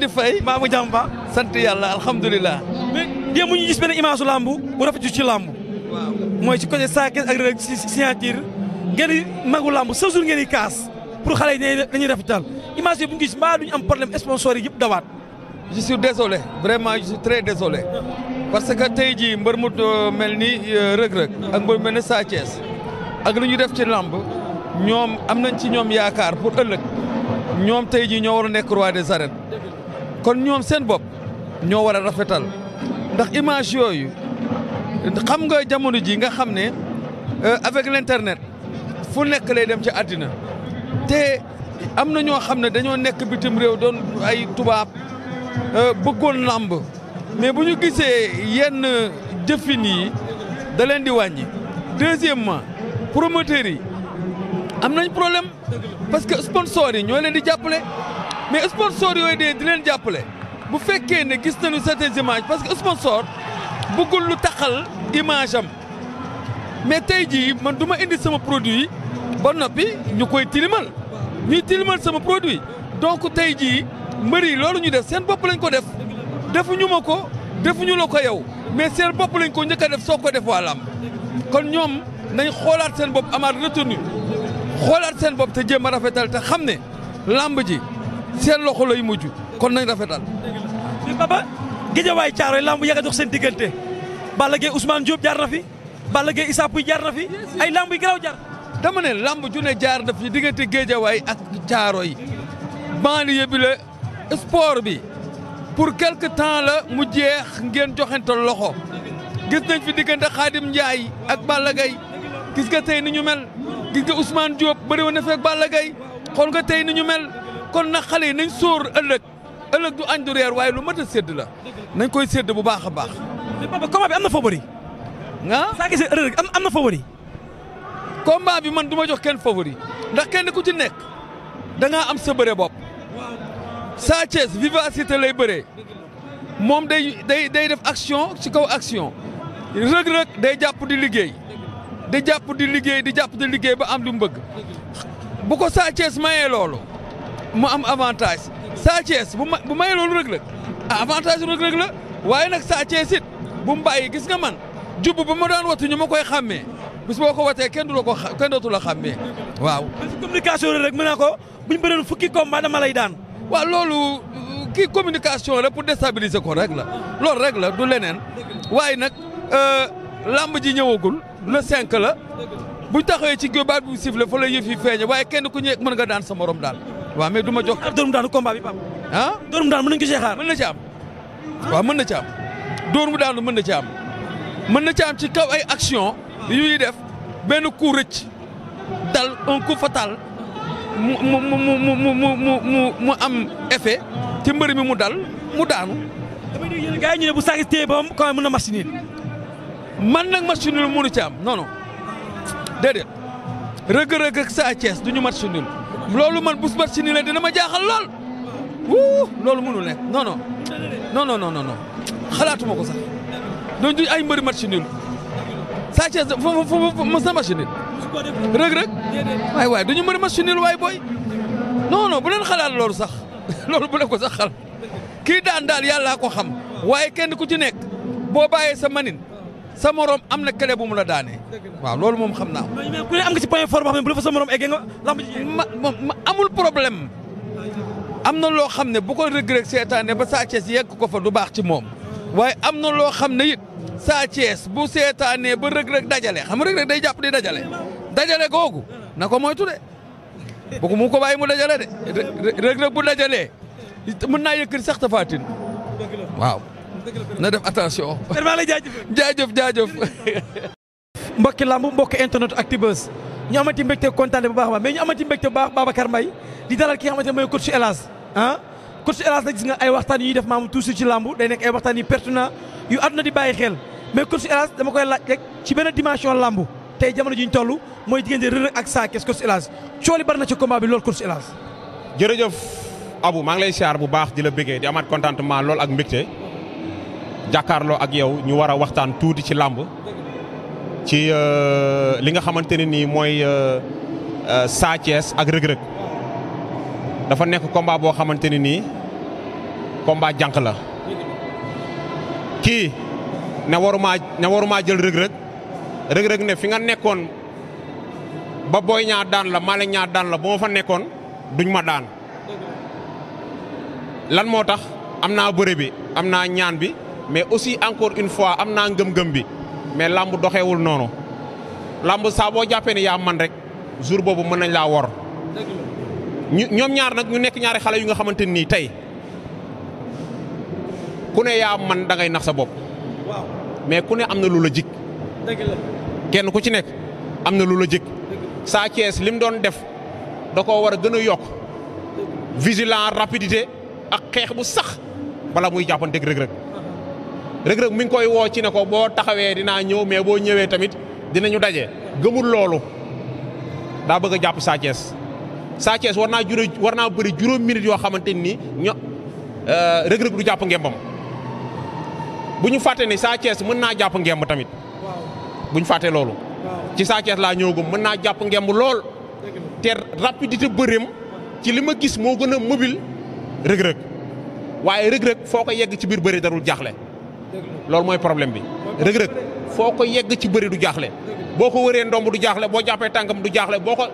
leen di jàmba sant yàlla alhamdulilah mais démb ñu gis benn image lambu bu rafetu ci lambu mooy ci côté saa kees ak rek si signature ngeen di magu lambu sa jour ngeen kaas pour xale yi dañuy rafetal image yi bu ñu gis mbaa duñu am problème sponsor yi yëpp dawaat je suis désolé vraiment je suis très désolé parce que tey jii mbër mu euh, mel ni euh, rëg-rëg ak mbër mel ni Sa ak lu ñu def ci lamb ñoom am nañ ci ñoom yaakaar pour ëllëg ñoom tey jii ñoo war nekk roi des arènes kon ñoom seen bopp ñoo wara a rafetal ndax image yooyu xam nga jamono ji nga xam ne euh, avec l'internet fu nekk lay dem ci àddina te am na ñoo xam ne dañoo nekk bitim réew doon ay tubaab euh, bëggoon làmb mais bu ñu gisee yenn jëfin yi da leen di wàññi deuxièmement promoteurs yi am nañ problème parce que sponsors yi ñoo leen di jàppale mais sponsor yooyu de di leen jàppale bu fekkee ne gis nañu certaines images parce que sponsor bëggul lu taxal image am mais tey jii man du ma indi sama produit ba noppi ñu koy tilimal ñuy tilimal sama produit donc tey jii mbër yi loolu ñu def seen bopp lañ ko def defuñu ma ko defuñu la ko yow mais seen bopp lañ ko njëkk a def soo ko def waa làmb kon ñoom nañu xoolaat seen bopp amaat retenu xoolaat seen bopp te jéem a rafetal te xam ne làmb ji seen loxo lay mujj kon nañ rafetal. mais Papa Guédiawaye Thiaroye lamb yàgg a dox seen diggante Balla Gaye Ousmane Diop jar na fi Balla Gaye Issa Pouye jaar na fi ay lamb yu garaaw jaar. dama ne làmb ju ne jaar na fi diggante Guédiawaye ak caaro yi bi la sport bi pour quelque temps la mu jeex ngeen joxante loxo gis nañ fi diggante Khadim Ndiaye ak Balla Gaye gis nga tey ni ñu mel gis nga Ousmane Diop bëri woon na fi ak Balla xool nga tey ni ñu kon nag xale yi nañ sóor ëllëg ëllëg du añ du reer waaye lu mat a sédd la nañ koy sedd bu baax a baax. bi am na favori. ah saa gisee am am na favori. combat bi man duma jox kenn favori ndax kenn ku ci nekk dangaa am sa bëre bopp. Sa Thiès lay bëre moom day day day def action ci kaw action rëg-rëg day jàpp di liggéey di jàpp di liggéey di jàpp di liggéey ba am lu mu bëgg bu ko Sa Thiès mayee loolu. mu am avantage Sa bu ma bu may loolu Reug Reug ah avantage Reug waaye nag Sa Thiès it bu mu bàyyi gis nga man jubb ba ma daan wattu ñu ma koy xàmmee bis boo ko watee kenn du la ko kenn dootu la waaw. communication rek mën naa ko buñ bëree fukki combat dama lay daan. waa loolu kii communication rek pour déstabiliser ko rek la loolu rek la du leneen waaye nag euh, lamb ji ñëwagul le 5 la bu taxawee ci géew baat bu siffle fa la yëf yi feeñe waaye kenn ku ñëwee mën nga daan sa morom daal. waaw mais duma jox. dóor mu daanu combat bi Pape. ah dóor mu daanu mën nañu ko see mën na ci am waaw mën na ci am dóor mu daanu mën na ci am mën na ci am ci kaw ay action yu def benn coup rëcc dal un coup fatal mu mu mu mu mu mu mu am effet ci mbër mi mu dal mu daanu. damay dégg yéen gars yi ñu ne bu saagis téye ba quand mën na machine man nag match nul mënu ci am non non déedéet rëgg-rëgg ak Sa Thiès du loolu man bu suba si nii dina ma jaaxal lool wuu loolu mënul nekk non non non xalaatuma ko sax doon du ay mbëri match nul Sa Thiès fo fo fo mos na match nul Reug Reug waay waay duñu mbëri match nul waay booy non bu leen xalaat loolu sax loolu bu leen ko sax xalaat kii daan daal laa ko xam waaye kenn ku ci nekk boo bàyyee sa manin sa morom am na clé bu mu la daane waaw loolu moom xam naa ko. mais ku ne am nga ci point fort boo xam ne bu la fa sa morom eggee nga. ma ma amul problème am na loo xam ne bu ko Reug Reug seetaane ba Sa Thiès yegg ko fa du baax ci moom waaye am na loo xam ne it Sa Thiès bu seetaanee ba Reug Reug dajale xam Reug Reug day jàpp di dajale dajale googu na ko moytu de bu ko mu ko bàyyi mu dajale de Reug Reug bu dajalee mën naa yëkkati sax Tapha Tine waaw. na def attention. jaajëf jaajëf. mbokki làmb mbokki internet Actubuzz ñu amati mbégte kontaan bu baax a baax mais ñu amati mbégte bu baax Babacar Mbaye di dalal ki nga xamante ne mooy coach Elas ah. coach Elas nag gis nga ay waxtaan yuy ñuy def maamu toujours ci làmb day nekk ay waxtaan yu pertinent yu àdduna di bàyyi xel mais coach Elas dama koy laaj rek ci benn dimension làmb tey jamono ji ñu toll mooy diggante Reug ak Sa Thiès coach Elas cooli bari ci combat bi loolu coach Elas. jërëjëf Abou maa lay siyaar bu baax di la bëggee di amaat contentement ak mbégte. jàkkaarloo ak yow ñu war a waxtaan tuuti ci làmb ci euh, li nga xamante ne nii mooy euh, euh, Sa Thiès ak Reug dafa nekk combat boo xamante ne nii combat jànq la kii ne warumaa ne warumaa jël Reug Reug ne fi nga nekkoon ba booy ñaa daan la maale ñaa daan la ba ma fa nekkoon duñ ma daan lan moo tax am naa bëre bi am naa ñaan bi mais aussi encore une fois am naa ngëm-ngëm bi mais làmb doxewul noonu làmb saaboo boo jàppee ne yaa man rek jour boobu mën nañ laa wor ñu ñoom ñaar nag ñu nekk ñaari xale yu nga xamante nii tey ku ne yaa man da ngay nax sa bopp mais ku ne am na lu la jik kenn ku ci nekk am na lu la jikk saa Thiès li mu doon def da ko war a gën a yokk vigilant rapidité ak xeex bu sax bala muy jàppanteeg Reug Reug Reug Reug mi ngi koy woo ci ne ko boo taxawee dinaa ñëw mais boo ñëwee tamit dinañu daje gëmul loolu daa bëgg a jàpp Sa Thiès war naa jure war naa bëri juróom minutes yoo xamante ni ño euh, Reug Reug du jàpp ngembam bu ñu fàtte ne Sa mën naa jàpp ngemb tamit bu ñu fàtte loolu ci Sa Thiès laa ñëwagum mën naa jàpp bu lool te rapidité bëreem ci li ma gis moo gën a mobile Reug waaye Reug foo ko yegg ci biir bëri darul jaaxle loolu mooy problème bi rëg foo ko yegg ci bëri du jaaxle boo ko wëree ndomb du jaaxle boo jàppee tànkam du jaaxle boo ko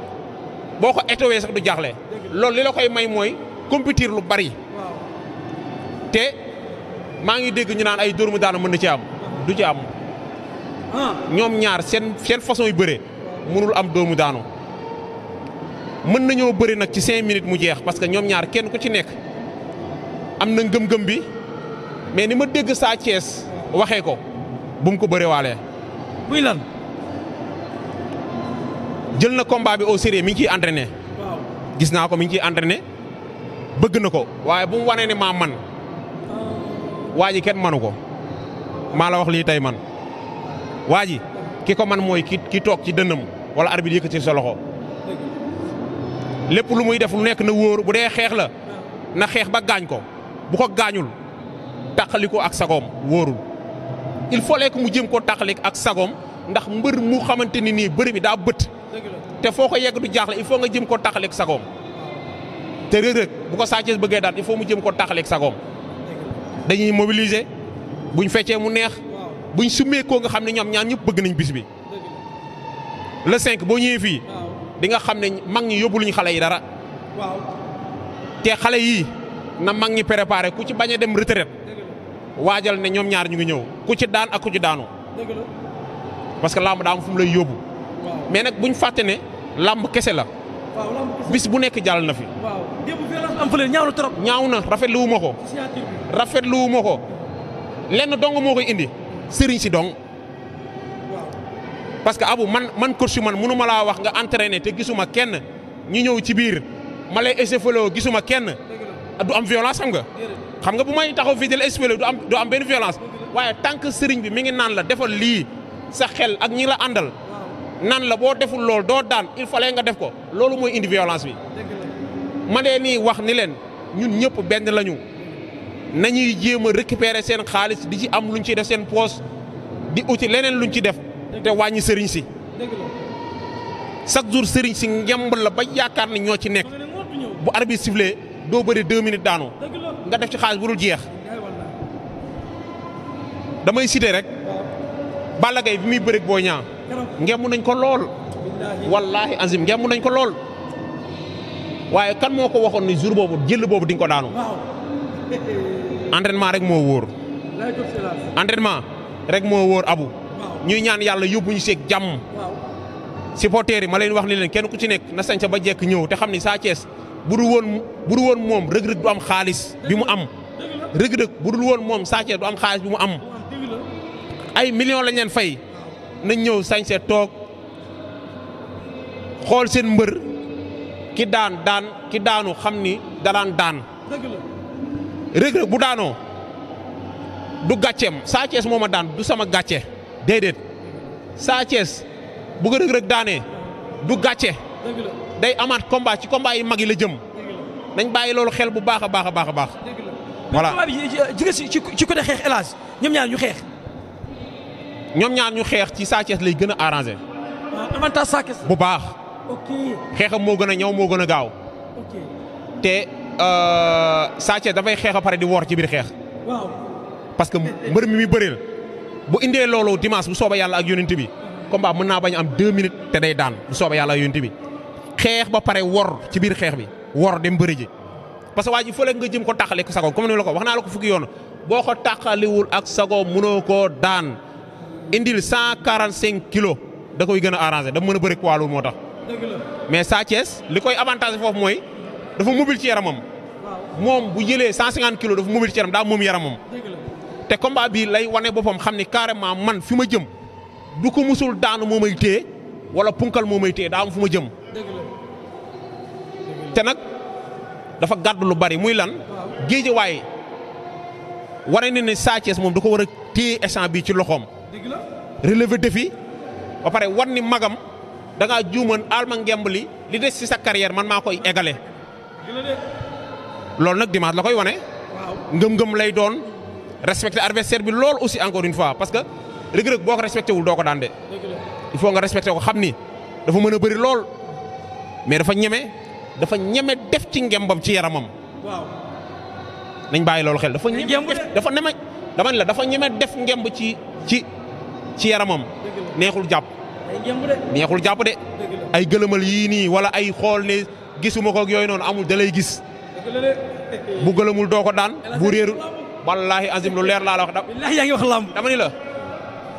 boo ko étowee sax du jaaxle loolu li la koy may mooy compétir lu bari te maa ngi dégg ñu naan ay dóor mu daanu mën na ci am du ci am ñoom ñaar seen seen façon yu bëre mënul am dóor mu daanu mën nañoo bëri nag ci cinq minutes mu jeex parce que ñoom ñaar kenn ku ci nekk am na ngëm-ngëm bi mais ni ma dégg Sa Thiès waxee ko bum mu ko bëriwaalee. muy lan. jël na combat bi au sérieux mi ngi ciy entraîné. gis naa ko mi ci ciy entraîné bëgg na ko waaye bu wanee ne maa man ah. waa ji kenn manu ko maa la wax lii tey man waa ji ki ko man mooy ki ki toog ci dënnam wala arbitre yëkkati sa loxo lépp lu muy def lu nekk na wóor bu dee xeex la ah. na xeex ba gaañ ko bu ko gaañul tàqali ko ak sagoom wóorul il faut que mu jëm koo tàqalik ak sagoom ndax mbër mu xamante ni nii bëri bi daa bët te foo ko yegg du jaaxle il faut nga jëm koo tàqalik sagoom te rëg-rëg bu ko Sa Thiès bëggee daan il faut mu jëm koo tàqalik sagoom dañuy mobiliser buñ feccee mu neex buñ summee koo nga xam ne ñoom ñaan ñëpp bëgg nañ bis bi le 5 boo ñëwee fii di nga xam ne mag ñi yóbbu luñ xale yi dara te xale yii na mag ñi préparé ku ci bañ a dem retraite waajal ne ñoom ñaar ñu ngi ñëw ku ci daan ak ku ci daanu. parce que làmb daa am fu mu lay yóbbu. mais nag buñ fàtte ne làmb kese la. bis bu nekk jàll na fi. ñaaw na trop. ñaaw na rafetlu wu ma ko. rafetlu wu ma ko lenn dong moo koy indi sëriñ si dong. parce que abu man man coach man mënu ma laa wax nga entraîné te gisuma kenn ñu ñëw ci biir ma lay échefaloo gisuma kenn. du am violence xam nga. xam nga bu may taxaw fii di la expliqué du am du am benn violence waaye tant que sëriñ bi mi ngi naan la defal lii sa xel ak ñi la àndal nan la boo deful loolu doo daan il fallait nga def ko loolu mooy indi violence bi. ma dee nii wax ni leen ñun ñëpp benn lañu nañuy jéem a récupérer seen xaalis di ci am luñ ci def seen poos di uti leneen luñ ci def te wàññi sëriñ si. chaque jour sëriñ si ngemb la ba yaakaar ni ñoo ci nekk bu arbitre sifflé doo bëri deux minutes daanu nga def ci xaalis bu dul jeex damay citer rek Balla Gaye bi muy bëreeg Boy Niang ngemb nañ ko lool wallaahi azim ngemb nañ ko lool waaye kan moo ko waxoon ni jour boobu jël boobu di nga ko daanu entraînement rek moo wóor entraînement rek moo wóor abu ñuy ñaan yàlla yóbbuñu seeg jàmm supporters yi ma leen wax ni leen kenn ku ci nekk na sañ sa ba jekk ñëw te xam ni Sa Thiès bu dul woon moom rëg-rëg du am xaalis bi mu am rëg-rëg bu dul woon moom Sa du am xaalis bi mu am ay millions lañ fay nañ ñëw sañse toog xool seen mbër ki daan daan ki daanu xam ni dalaan daan rëg bu daanoo du gàcceem Sa Thiès ma daan du sama gàcce déedéet Sa Thiès bu daanee du gàcce day amaat combat ci combat yi mag yi la jëm nañ bàyyi loolu xel bu baax a baax a baax a baax. voilà mais ci ci côté xeex El Hadj ñoom ñaar ñu xeex. ci Sa lay gën a arrangé. Ah, avantage Sa bu baax. ok xeexam moo gën a ñëw moo gën a gaaw. te euh, Sa Thiès dafay xeex a pare di woor ci biir xeex. parce que mbër mi muy bëreel bu indee loolu dimanche bu sooba yàlla ak yonent bi combat mën naa bañ am deux minutes te day daan bu sooba yàlla ak yonent bi. xeex ba pare wor ci biir xeex bi wor dem bëri ji parce que waa ji nga jëm ko taxale ko sagoom comme ni la ko wax naa la ko fukki yoon boo ko taxaliwul ak sagoom mënoo koo daan indil cent quarante cinq kilos da koy gën a arrangé da mën a bëri poids lourd moo tax. mais Sa li koy avantage foofu mooy dafa mobile ci yaramam. moom bu jëlee cent cinquante kilos dafa mobile ci yaram daa moom yaramam. te combat bii lay wane boppam xam ni carrément man fi ma jëm du ko musul daanu moo may téye wala punkal moo may téye daa am fu te nag dafa gàddu lu bari muy lan géejewaay wane na ne Sa moom da ko war a téye échant bii ci loxoom. relever defi ba pare wan ni magam da ngaa juuman aal ma ngemb li li des ci sa carrière man maa koy égale loolu nag dimanche la koy wane. ngëm-ngëm lay doon respecter adversaire bi lool aussi encore une fois parce que Reug boo ko respecté doo ko daan de il faut nga respecté ko xam ni dafa mën a bëri lool mais dafa ñeme. dafa ñeme def ci ngembam ci yaramam. waaw nañ bàyyi loolu xel dafa. ñeme dafa ñeme dama ne la dafa ñeme def ngemb ci ci ci yaramam. neexul jàpp. neexul jàpp de. ay gëlëmal yii nii wala ay xool ne gisuma ko yooyu noonu amul da lay gis. bu gëlëmul doo ko daan bu réerul. wallaahi azim lu leer laa la wax. wallaahi yaa ngi wax lamb dama la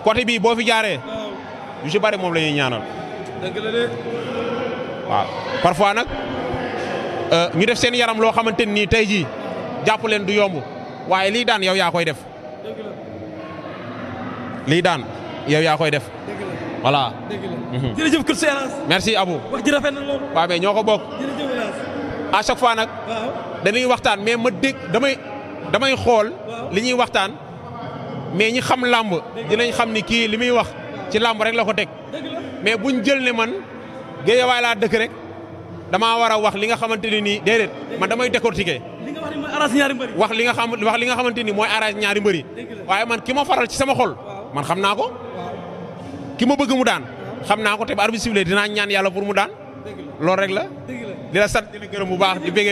côté bii boo fi jaaree. yu ci bari moom lañuy ñuy ñaanal. dëgg la de. nag. Euh, ñu def seen yaram loo xamante nii tey jii jàpp leen du yomb waaye lii daan yow yaa koy def lii daan yow yaa koy def. voilà. jërëjëf kër Séras. merci Abou. ji rafet na loolu. ñoo ko bokk. à chaque fois nag. dañuy waxtaan mais ma dégg damay damay xool. li ñuy waxtaan mais ñi xam lamb dinañ xam ni kii li muy wax ci lamb rek la ko teg. mais buñ jël ne man géejawaay laa dëkk rek. damaa war a wax li nga xamante ne nii déedéet ma damay décortiquer. wax li nga xam wax li nga xamante ni mooy arrangé ñaari mbër yi waaye man ki ma faral ci sama xol man xam naa ko ki ma bëgg mu daan xam naa ko te ba arbitre sifflé dinaa ñaan yàlla pour mu daan loolu rek la di la di la bu baax di bëggee